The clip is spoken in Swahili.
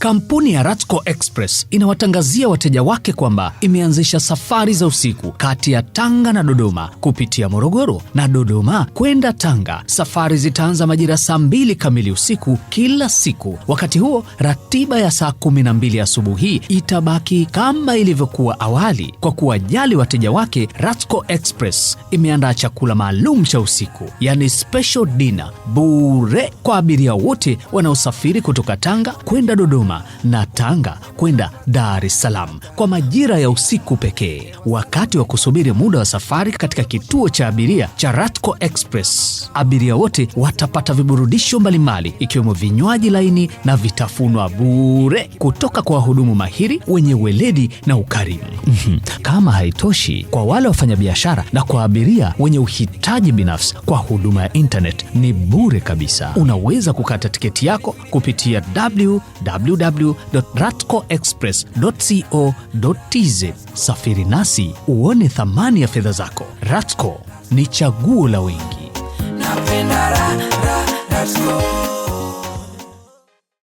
Kampuni ya Ratco Express inawatangazia wateja wake kwamba imeanzisha safari za usiku kati ya Tanga na Dodoma kupitia Morogoro na Dodoma kwenda Tanga. Safari zitaanza majira saa mbili kamili usiku kila siku. Wakati huo, ratiba ya saa kumi na mbili asubuhi itabaki kama ilivyokuwa awali. Kwa kuwajali wateja wake, Ratco Express imeandaa chakula maalum cha usiku, yani special dinner, bure kwa abiria wote wanaosafiri kutoka Tanga kwenda Dodoma. Dodoma na Tanga kwenda Dar es Salaam kwa majira ya usiku pekee. Wakati wa kusubiri muda wa safari katika kituo cha abiria cha Ratco Express, abiria wote watapata viburudisho mbalimbali ikiwemo vinywaji laini na vitafunwa bure kutoka kwa wahudumu mahiri wenye weledi na ukarimu. Mhm. Kama haitoshi, kwa wale wafanyabiashara na kwa abiria wenye uhitaji binafsi, kwa huduma ya internet ni bure kabisa. Unaweza kukata tiketi yako kupitia www www.ratcoexpress.co.tz. Safiri nasi uone thamani ya fedha zako. Ratco ni chaguo la wengi. Napenda ra, ra, Ratco.